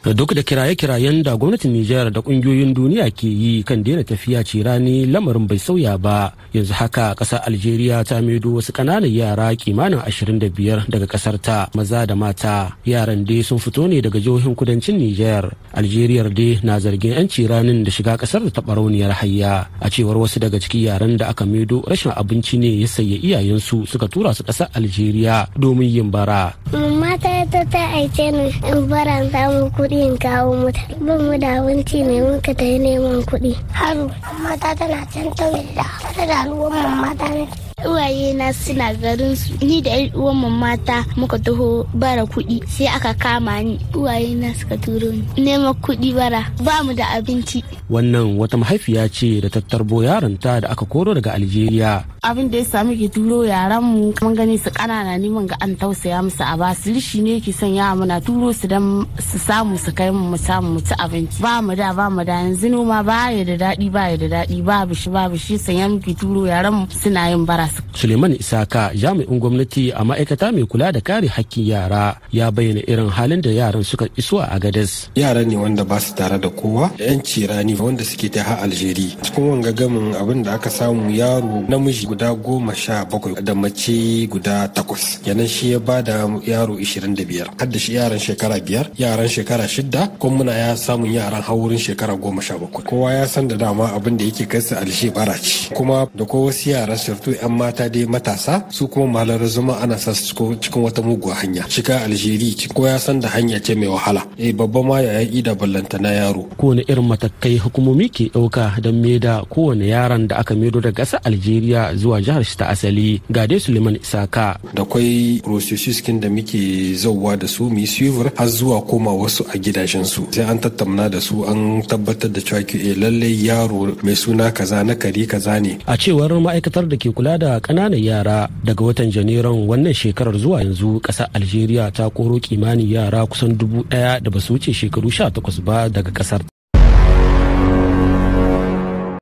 duk da kiraye-kirayen da gwamnatin Nijar da kungiyoyin duniya ke yi kan daina tafiya ce rani lamarin bai sauya ba yanzu haka ƙasar Algeria ta maido wasu ƙananan yara kimanin 25 daga ƙasar ta maza da mata yaran dai sun fito ne daga jihohin kudancin Nijar Algeria dai na zargin 'yanci ranin da shiga ƙasar da tabarauniyar hayya a cewar wasu daga cikin yaran da aka maido rashin abinci ne ya sayi iyayensu suka tura su ƙasar Algeria domin yin bara. Mata ta ta aice ni in bara samu kuɗi in kawo mata ban mu da abinci ne muka ta yi neman kuɗi haru mata tana can ta da tare da al'ummar mata ne uwaye na suna garin su ni da yan uwan mata muka taho bara kuɗi sai aka kama ni uwaye na suka turo ni neman kuɗi bara ba mu da abinci wannan wata mahaifiya ce da tattarbo yaronta da aka koro daga algeria abin da ya sami ke turo yaran mu mun gani su kanana ne mun ga an tausaya musu a basu lishi ne ke son ya muna turo su dan su samu su kai mu samu mu ci abinci ba mu da ba mu da yanzu noma ba ya da daɗi ba ya da daɗi ba bishi ba bishi sanya muke turo yaran mu suna yin bara su. Suleiman Isaka jami'in gwamnati a ma'aikata mai kula da kare hakkin yara ya bayyana irin halin da yaran suka iso a Agadez. Yaran ne wanda ba su tare da kowa yan cirani wanda suke ta ha Aljeri. Cikin wanga gamin abin da aka samu yaro namiji guda goma sha bakwai da mace guda takwas yanan shi ya ba da yaro ishirin da biyar har shi yaran shekara biyar yaran shekara shidda kuma muna ya samun yaran haurin shekara goma sha bakwai kowa ya san da dama abin da yake kai su alshe bara ce kuma da ko wasu yaran surtu yan mata dai matasa su kuma malar zuma ana sa su cikin wata muguwa hanya shiga aljeri ko ya san da hanya ce mai wahala E, babba ma ya yi da ballanta na yaro Ko kowane irin matakai hukumomi ke ɗauka don me da kowane yaran da aka medo daga gasa aljeriya zuwa jihar shi ta asali ga dai suleiman isaka da kwai rosisikin da muke zauwa da su mu suivor har zuwa koma wasu a gidajen su sai an tattauna da su an tabbatar da cewa ke eh, lalle yaro mai suna kaza na kari kaza ne a cewar ma'aikatar da ke kula da ƙananan yara daga watan janairun wannan shekarar zuwa yanzu ƙasar algeria ta koro kimanin yara kusan dubu ɗaya da basu wuce shekaru sha takwas ba daga ƙasar